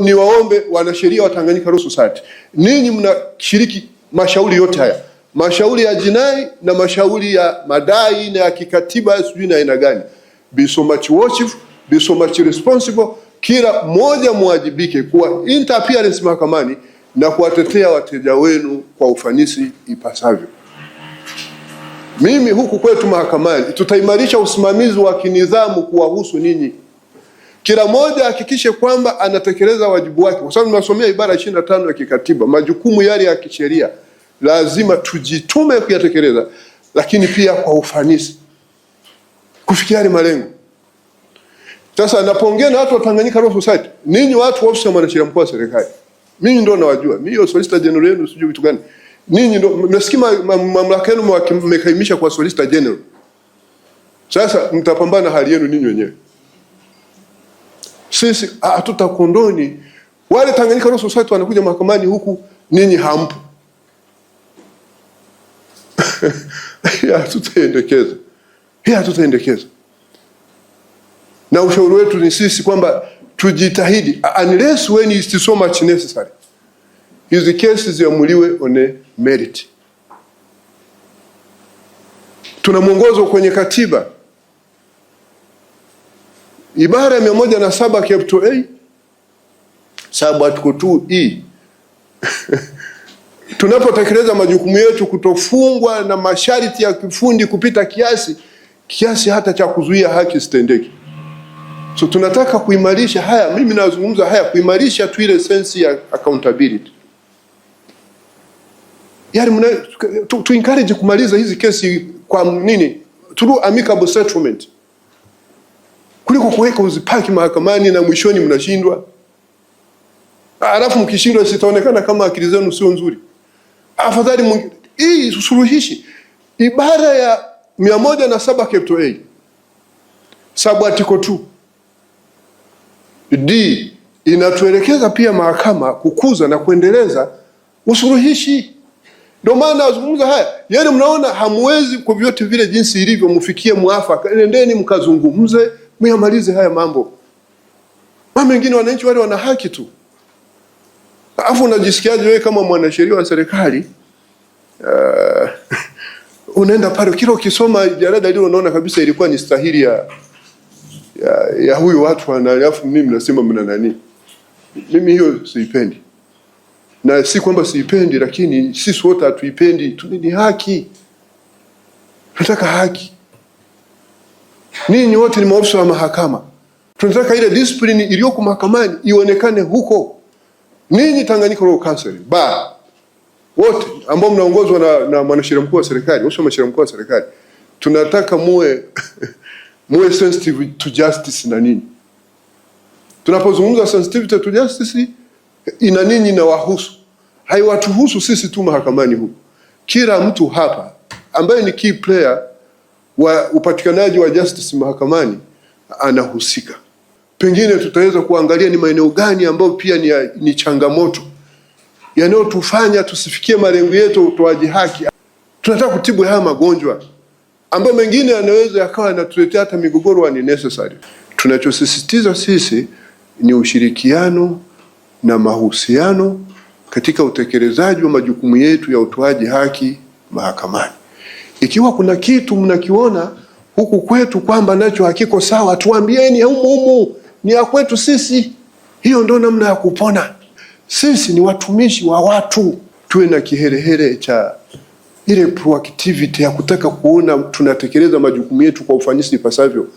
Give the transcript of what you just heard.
niwaombe wanasheria wa Tanganyika Law Society, ninyi mnashiriki mashauri yote haya, mashauri ya jinai na mashauri ya madai na ya kikatiba, sijui na aina gani. Be so much watchful, be so much responsible. Kila mmoja mwajibike kuwa interference mahakamani na kuwatetea wateja wenu kwa ufanisi ipasavyo. Mimi huku kwetu mahakamani tutaimarisha usimamizi wa kinidhamu kuwahusu ninyi. Kila mmoja ahakikishe kwamba anatekeleza wajibu wake, kwa sababu nimewasomea ibara ishirini na tano ya kikatiba. Majukumu yale ya kisheria lazima tujitume kuyatekeleza, lakini pia kwa ufanisi kufikia yale malengo. Sasa napongea na watu wa Tanganyika Law Society, ninyi watu wa ofisi ya mwanasheria mkuu wa serikali, mimi ndo nawajua, mimi ndio solicitor general yenu, sijui vitu gani. Ninyi ndo mmesikia mamlaka yenu mmekaimisha kwa solicitor general. Sasa mtapambana hali yenu ninyi wenyewe sisi ah, hatutakondoni Wale Tanganyika Law Society wanakuja mahakamani huku, ninyi hampo. Hatutaendekeza, hatutaendekeza na ushauri wetu ni sisi kwamba tujitahidi, unless ah, ah, when it is so much necessary, hizi kesi ziamuliwe on merit. Tuna mwongozo kwenye katiba ibara ya mia moja na saba capital A sabatu tu E tunapotekeleza majukumu yetu kutofungwa na masharti ya kifundi kupita kiasi kiasi hata cha kuzuia haki sitendeki. So tunataka kuimarisha haya, mimi nazungumza haya kuimarisha tu ile sensi ya accountability. Yani tu, tu encourage kumaliza hizi kesi kwa nini? Through amicable settlement kuliko kuweka uzipaki mahakamani na mwishoni mnashindwa. Alafu mkishindwa sitaonekana kama akili zenu sio nzuri. Afadhali hii suluhishi ibara ya mia moja na saba kepto A sabu atiko tu d inatuelekeza pia mahakama kukuza na kuendeleza usuluhishi. Ndio maana azungumza haya, yaani mnaona hamwezi kwa vyote vile jinsi ilivyo mfikie mwafaka, nendeni mkazungumze. Muyamalize haya mambo. Mambo mengine wananchi wale wana haki tu. Alafu unajisikiaje wewe kama mwanasheria wa serikali? Uh, unaenda pale kila ukisoma jarada lile unaona kabisa ilikuwa ni stahili ya ya, ya huyu watu wana alafu mimi mnasema mna nani? Mimi hiyo siipendi. Na si kwamba siipendi, lakini sisi wote hatuipendi. Ni haki. Nataka haki. Ninyi wote ni maofisa wa mahakama, tunataka ile disiplini iliyoko mahakamani ionekane huko. Ninyi Tanganyika Royal Council ba wote ambao mnaongozwa na, na mwanasheria mkuu wa serikali, ofisi mwanasheria mkuu wa serikali, tunataka muwe muwe sensitive to justice na nini. Tunapozungumza sensitivity to justice ina nini na wahusu, haiwatuhusu sisi tu mahakamani huko, kila mtu hapa ambaye ni key player wa upatikanaji wa justice mahakamani anahusika. Pengine tutaweza kuangalia ni maeneo gani ambayo pia ni, ni changamoto yanayotufanya tusifikie malengo yetu ya utoaji haki. Tunataka kutibu haya magonjwa ambayo mengine yanaweza yakawa yanatuletea hata migogoro ni necessary. Tunachosisitiza sisi ni ushirikiano na mahusiano katika utekelezaji wa majukumu yetu ya utoaji haki mahakamani. Ikiwa kuna kitu mnakiona huku kwetu kwamba nacho hakiko sawa, tuambieni humu humu, ni ya kwetu sisi. Hiyo ndo namna ya kupona. Sisi ni watumishi wa watu, tuwe na kiherehere cha ile proactivity ya kutaka kuona tunatekeleza majukumu yetu kwa ufanisi ipasavyo.